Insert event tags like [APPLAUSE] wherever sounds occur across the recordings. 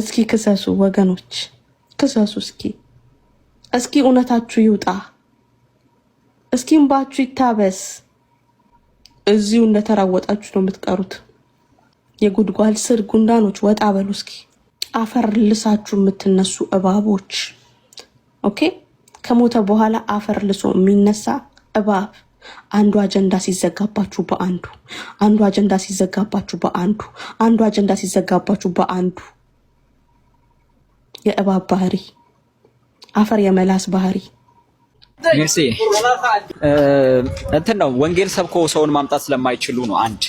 እስኪ ክሰሱ ወገኖች፣ ክሰሱ እስኪ እስኪ እውነታችሁ ይውጣ። እስኪ እንባችሁ ይታበስ። እዚሁ እንደተራወጣችሁ ነው የምትቀሩት። የጉድጓድ ስር ጉንዳኖች ወጣ በሉ እስኪ አፈር ልሳችሁ የምትነሱ እባቦች። ኦኬ ከሞተ በኋላ አፈር ልሶ የሚነሳ እባብ አንዱ አጀንዳ ሲዘጋባችሁ በአንዱ አንዱ አጀንዳ ሲዘጋባችሁ በአንዱ አንዱ አጀንዳ ሲዘጋባችሁ በአንዱ የእባብ ባህሪ፣ አፈር የመላስ ባህሪ እንትን ነው። ወንጌል ሰብኮ ሰውን ማምጣት ስለማይችሉ ነው። አንድ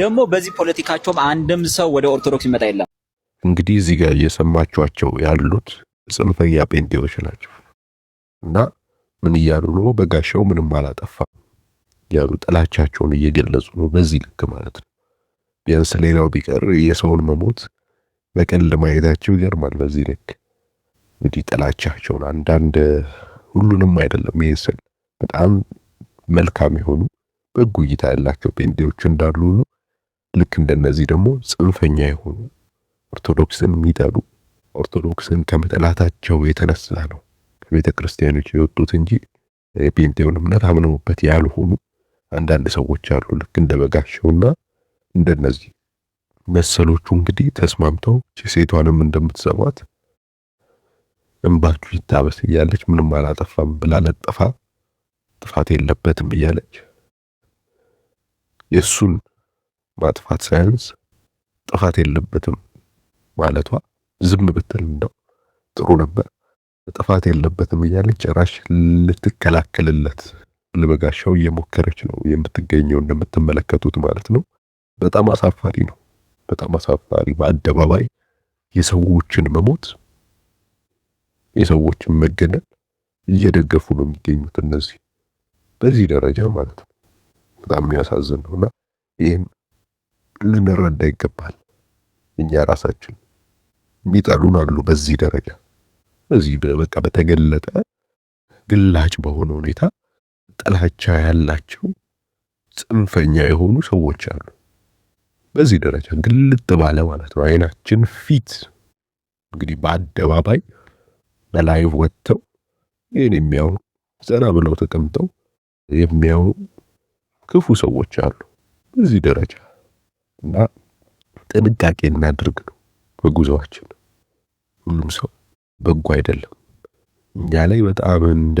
ደግሞ በዚህ ፖለቲካቸውም አንድም ሰው ወደ ኦርቶዶክስ ይመጣ የለም። እንግዲህ እዚህ ጋር እየሰማችኋቸው ያሉት ጽንፈኛ ጴንጤዎች ናቸው እና ምን እያሉ ነው? በጋሻው ምንም አላጠፋም ያሉ ጥላቻቸውን እየገለጹ ነው። በዚህ ልክ ማለት ነው። ቢያንስ ሌላው ቢቀር የሰውን መሞት በቀል ማየታቸው ይገርማል። በዚህ ልክ እንግዲህ ጥላቻቸውን አንዳንድ ሁሉንም አይደለም ይሄ ስል በጣም መልካም የሆኑ በጎ እይታ ያላቸው ጴንጤዎች እንዳሉ ልክ እንደነዚህ ደግሞ ጽንፈኛ የሆኑ ኦርቶዶክስን የሚጠሉ ኦርቶዶክስን ከመጠላታቸው የተነሳ ነው ከቤተ ክርስቲያኖች የወጡት እንጂ የጴንጤውን እምነት አምነውበት ያልሆኑ አንዳንድ ሰዎች አሉ። ልክ እንደ በጋሸውና እንደነዚህ መሰሎቹ እንግዲህ ተስማምተው ሴቷንም እንደምትሰማት እንባችሁ ይታበስ እያለች ምንም አላጠፋም ብላ ለጠፋ ጥፋት የለበትም እያለች የእሱን ማጥፋት ሳያንስ ጥፋት የለበትም ማለቷ ዝም ብትል እንደው ጥሩ ነበር። ጥፋት የለበትም እያለች ጭራሽ ልትከላከልለት ልበጋሻው እየሞከረች ነው የምትገኘው እንደምትመለከቱት ማለት ነው። በጣም አሳፋሪ ነው። በጣም አሳፋሪ በአደባባይ የሰዎችን መሞት የሰዎችን መገደል እየደገፉ ነው የሚገኙት እነዚህ በዚህ ደረጃ ማለት ነው። በጣም የሚያሳዝን ነውእና ይህን ልንረዳ ይገባል። እኛ ራሳችን የሚጠሉን አሉ። በዚህ ደረጃ በዚህ በቃ በተገለጠ ግላጭ በሆነ ሁኔታ ጥላቻ ያላቸው ጽንፈኛ የሆኑ ሰዎች አሉ። በዚህ ደረጃ ግልጥ ባለ ማለት ነው አይናችን ፊት እንግዲህ በአደባባይ በላይቭ ወጥተው ይህን የሚያው ዘና ብለው ተቀምጠው የሚያው ክፉ ሰዎች አሉ። በዚህ ደረጃ እና ጥንቃቄ እናድርግ ነው በጉዞዋችን። ሁሉም ሰው በጎ አይደለም። እኛ ላይ በጣም እንደ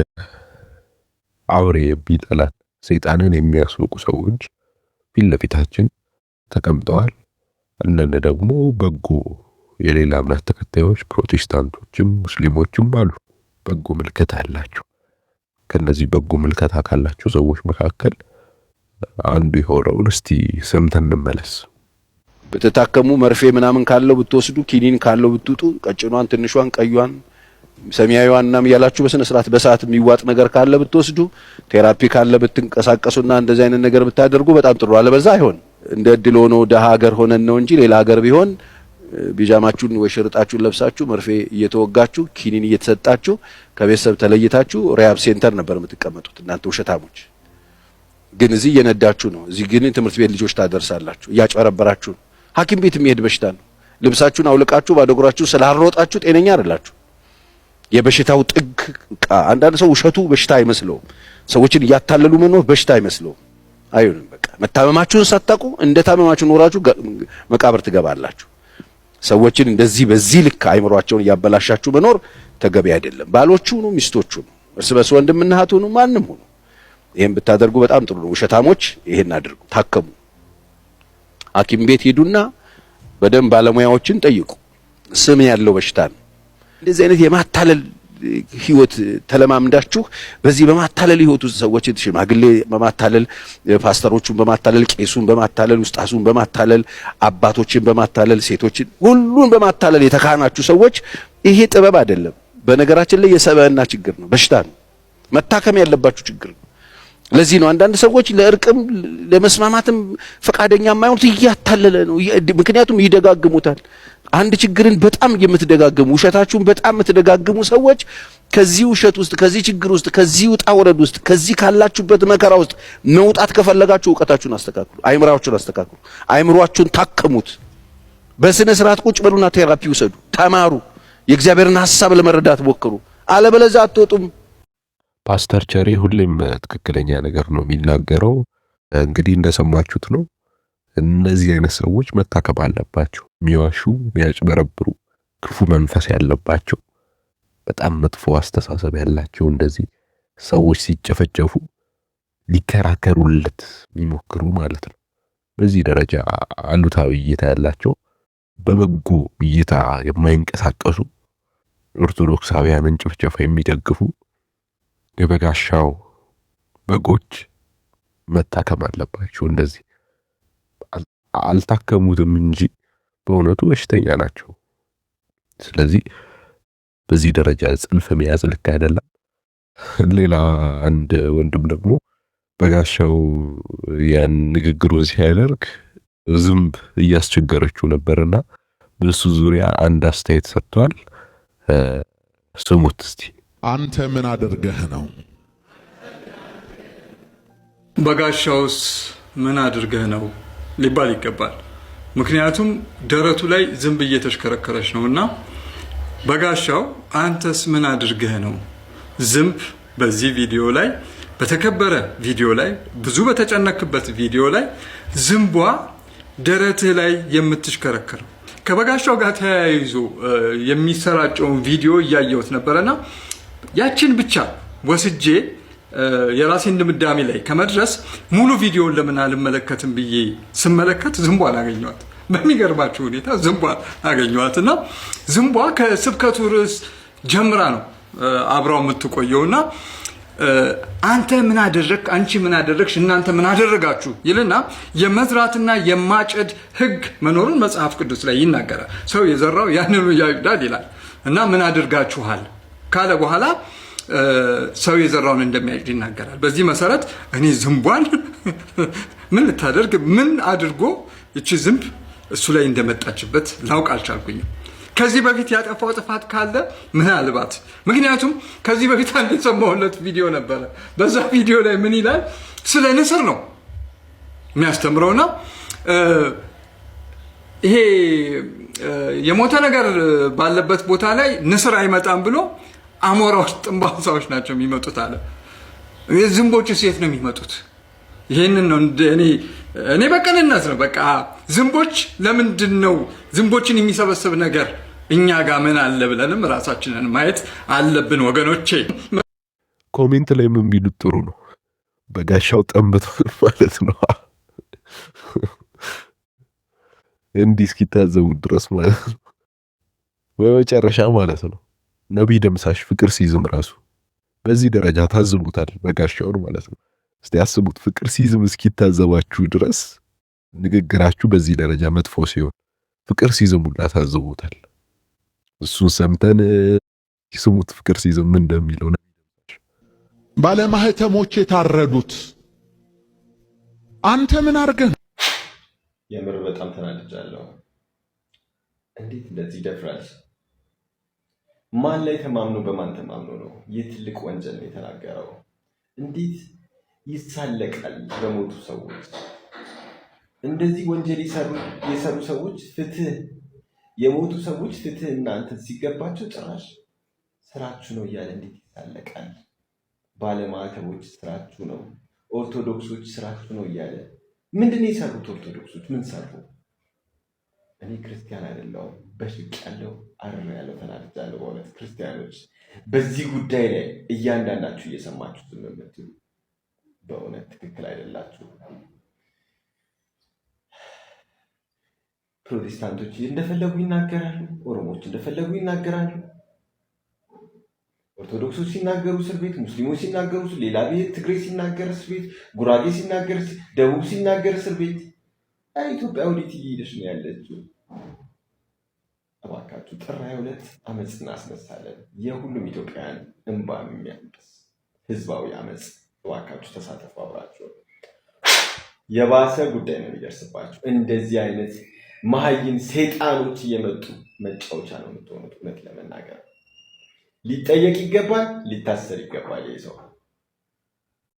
አውሬ የሚጠላን ሰይጣንን የሚያስወቁ ሰዎች ፊት ለፊታችን ተቀምጠዋል። አንዳንድ ደግሞ በጎ የሌላ እምነት ተከታዮች ፕሮቴስታንቶችም ሙስሊሞችም አሉ፣ በጎ ምልከታ አላቸው። ከነዚህ በጎ ምልከታ ካላቸው ሰዎች መካከል አንዱ የሆነውን እስቲ ሰምተን እንመለስ። ብትታከሙ መርፌ ምናምን ካለው ብትወስዱ፣ ኪኒን ካለው ብትውጡ፣ ቀጭኗን፣ ትንሿን፣ ቀዩን፣ ሰማያዊዋን እናም እያላችሁ በስነ ስርዓት በሰዓት የሚዋጥ ነገር ካለ ብትወስዱ፣ ቴራፒ ካለ ብትንቀሳቀሱና እንደዚህ አይነት ነገር ብታደርጉ በጣም ጥሩ። አለ በዛ አይሆን እንደ እድል ሆኖ ደሀ ሀገር ሆነን ነው እንጂ ሌላ ሀገር ቢሆን ቢጃማችሁን ወይ ሽርጣችሁን ለብሳችሁ መርፌ እየተወጋችሁ ኪኒን እየተሰጣችሁ ከቤተሰብ ተለይታችሁ ሪያብ ሴንተር ነበር የምትቀመጡት እናንተ ውሸታሞች። ግን እዚህ እየነዳችሁ ነው። እዚህ ግን ትምህርት ቤት ልጆች ታደርሳላችሁ፣ እያጭበረበራችሁ ነው። ሐኪም ቤት የሚሄድ በሽታ ነው። ልብሳችሁን አውልቃችሁ ባዶ እግራችሁ ጤነኛ አይደላችሁ። የበሽታው ጥግ አንዳንድ ሰው ውሸቱ በሽታ አይመስለውም። ሰዎችን እያታለሉ መኖር በሽታ አይመስለውም። አይሁንም። በቃ መታመማችሁን ሳታውቁ እንደ ታመማችሁ ኖራችሁ መቃብር ትገባላችሁ። ሰዎችን እንደዚህ በዚህ ልክ አይምሯቸውን እያበላሻችሁ መኖር ተገቢ አይደለም። ባሎቹ ሁኑ፣ ሚስቶቹ ሁኑ፣ እርስ በርስ ወንድምና እህት ሁኑ፣ ማንም ሁኑ። ይህን ብታደርጉ በጣም ጥሩ ነው። ውሸታሞች ይህን አድርጉ። ታከሙ፣ ሐኪም ቤት ሂዱና በደንብ ባለሙያዎችን ጠይቁ። ስም ያለው በሽታ ነው። እንደዚህ አይነት የማታለል ህይወት ተለማምዳችሁ በዚህ በማታለል ህይወት ውስጥ ሰዎች ሽማግሌ በማታለል ፓስተሮቹን በማታለል ቄሱን በማታለል ውስጣሱን በማታለል አባቶችን በማታለል ሴቶችን ሁሉን በማታለል የተካናችሁ ሰዎች ይሄ ጥበብ አይደለም። በነገራችን ላይ የሰብዕና ችግር ነው፣ በሽታ ነው፣ መታከም ያለባችሁ ችግር ነው። ለዚህ ነው አንዳንድ ሰዎች ለእርቅም ለመስማማትም ፈቃደኛ የማይሆኑት እያታለለ ነው። ምክንያቱም ይደጋግሙታል። አንድ ችግርን በጣም የምትደጋግሙ ውሸታችሁን በጣም የምትደጋግሙ ሰዎች ከዚህ ውሸት ውስጥ ከዚህ ችግር ውስጥ ከዚህ ውጣ ወረድ ውስጥ ከዚህ ካላችሁበት መከራ ውስጥ መውጣት ከፈለጋችሁ እውቀታችሁን አስተካክሉ፣ አይምራችሁን አስተካክሉ፣ አይምሯችሁን ታከሙት በስነ ስርዓት ቁጭ በሉና ቴራፒ ውሰዱ፣ ተማሩ፣ የእግዚአብሔርን ሀሳብ ለመረዳት ሞክሩ። አለበለዚያ አትወጡም። ፓስተር ቸሪ ሁሌም ትክክለኛ ነገር ነው የሚናገረው። እንግዲህ እንደሰማችሁት ነው። እነዚህ አይነት ሰዎች መታከም አለባቸው። የሚዋሹ፣ የሚያጭበረብሩ፣ ክፉ መንፈስ ያለባቸው፣ በጣም መጥፎ አስተሳሰብ ያላቸው እንደዚህ ሰዎች ሲጨፈጨፉ ሊከራከሩለት የሚሞክሩ ማለት ነው። በዚህ ደረጃ አሉታዊ እይታ ያላቸው በበጎ እይታ የማይንቀሳቀሱ ኦርቶዶክሳውያንን ጭፍጨፋ የሚደግፉ የበጋሻው በጎች መታከም አለባቸው። እንደዚህ አልታከሙትም እንጂ በእውነቱ በሽተኛ ናቸው። ስለዚህ በዚህ ደረጃ ጽንፍ መያዝ ልክ አይደለም። ሌላ አንድ ወንድም ደግሞ በጋሻው ያን ንግግሩን ሲያደርግ ዝንብ እያስቸገረችው ነበርና በሱ ዙሪያ አንድ አስተያየት ሰጥቷል። ስሙት እስቲ። አንተ ምን አድርገህ ነው? በጋሻውስ ምን አድርገህ ነው? ሊባል ይገባል። ምክንያቱም ደረቱ ላይ ዝንብ እየተሽከረከረች ነው እና በጋሻው አንተስ ምን አድርገህ ነው ዝንብ በዚህ ቪዲዮ ላይ በተከበረ ቪዲዮ ላይ ብዙ በተጨነክበት ቪዲዮ ላይ ዝንቧ ደረትህ ላይ የምትሽከረከረው ከበጋሻው ጋር ተያይዞ የሚሰራጨውን ቪዲዮ እያየሁት ነበረና ያችን ብቻ ወስጄ የራሴን ድምዳሜ ላይ ከመድረስ ሙሉ ቪዲዮን ለምን አልመለከትም ብዬ ስመለከት ዝንቧን አገኘኋት። በሚገርማችሁ ሁኔታ ዝንቧ አገኘኋት እና ዝንቧ ከስብከቱ ርዕስ ጀምራ ነው አብራው እና አንተ ምን አደረግ አንቺ ምን አደረግሽ፣ እናንተ ምን አደረጋችሁ ይልና የመዝራትና የማጨድ ህግ መኖሩን መጽሐፍ ቅዱስ ላይ ይናገራል። ሰው የዘራው ያንኑ ያጭዳል ይላል እና ምን አድርጋችኋል ካለ በኋላ ሰው የዘራውን እንደሚያጭድ ይናገራል። በዚህ መሰረት እኔ ዝንቧን [LAUGHS] ምን ልታደርግ ምን አድርጎ እቺ ዝንብ እሱ ላይ እንደመጣችበት ላውቅ አልቻልኩኝም። ከዚህ በፊት ያጠፋው ጥፋት ካለ ምናልባት ምክንያቱም ከዚህ በፊት አንድ የሰማሁለት ቪዲዮ ነበረ። በዛ ቪዲዮ ላይ ምን ይላል? ስለ ንስር ነው የሚያስተምረውና ይሄ የሞተ ነገር ባለበት ቦታ ላይ ንስር አይመጣም ብሎ አሞራዎች፣ ጥንባሳዎች ናቸው የሚመጡት አለ። ዝንቦቹ ሴት ነው የሚመጡት። ይህንን ነው እኔ በቅንነት ነው በቃ ዝንቦች ለምንድን ነው ዝንቦችን የሚሰበስብ ነገር እኛ ጋር ምን አለ ብለንም ራሳችንን ማየት አለብን ወገኖቼ። ኮሜንት ላይ ምን ቢሉት ጥሩ ነው። በጋሻው ጠንበት [LAUGHS] ማለት ነው እንዲህ እስኪታዘቡ ድረስ ማለት ነው በመጨረሻ ማለት ነው ነቢይ ደምሳሽ ፍቅር ሲዝም ራሱ በዚህ ደረጃ ታዝቦታል በጋሻውን ማለት ነው። እስቲ ያስቡት፣ ፍቅር ሲዝም እስኪታዘባችሁ ድረስ ንግግራችሁ በዚህ ደረጃ መጥፎ ሲሆን ፍቅር ሲዝም ሁላ ታዝቦታል። እሱን ሰምተን ሲስሙት ፍቅር ሲዝም ምን እንደሚለው ባለማህተሞች የታረዱት አንተ ምን አድርገህ የምር በጣም ተናድጃለሁ። እንዴት እንደዚህ ይደፍራል? ማን ላይ ተማምኖ በማን ተማምኖ ነው? ይህ ትልቅ ወንጀል ነው የተናገረው። እንዴት ይሳለቃል በሞቱ ሰዎች? እንደዚህ ወንጀል የሰሩ ሰዎች ፍትህ፣ የሞቱ ሰዎች ፍትህ እናንተ ሲገባቸው ጭራሽ ስራችሁ ነው እያለ እንዴት ይሳለቃል? ባለማዕተቦች ስራችሁ ነው፣ ኦርቶዶክሶች ስራችሁ ነው እያለ ምንድን ነው የሰሩት? ኦርቶዶክሶች ምን ሰሩ? እኔ ክርስቲያን አይደለሁም፣ በሽቄያለሁ፣ ያለው ተናድጃለሁ። በእውነት ክርስቲያኖች በዚህ ጉዳይ ላይ እያንዳንዳችሁ እየሰማችሁ ዝም የምትሉ በእውነት ትክክል አይደላችሁ። ፕሮቴስታንቶች እንደፈለጉ ይናገራሉ፣ ኦሮሞዎች እንደፈለጉ ይናገራሉ። ኦርቶዶክሶች ሲናገሩ እስር ቤት፣ ሙስሊሞች ሲናገሩ ሌላ ቤት፣ ትግሬ ሲናገር እስር ቤት፣ ጉራጌ ሲናገር፣ ደቡብ ሲናገር እስር ቤት። ኢትዮጵያ ወዴት እየሄደች ነው ያለችው? እባካችሁ ጥር ሃያ ሁለት አመፅ እናስነሳለን። የሁሉም ኢትዮጵያውያን እንባ የሚያብስ ህዝባዊ አመፅ እባካችሁ ተሳተፉ። አብራችሁ የባሰ ጉዳይ ነው የሚደርስባቸው። እንደዚህ አይነት መሀይም ሴጣኖች እየመጡ መጫወቻ ነው የምትሆኑት። እውነት ለመናገር ሊጠየቅ ይገባል፣ ሊታሰር ይገባል ይህ ሰው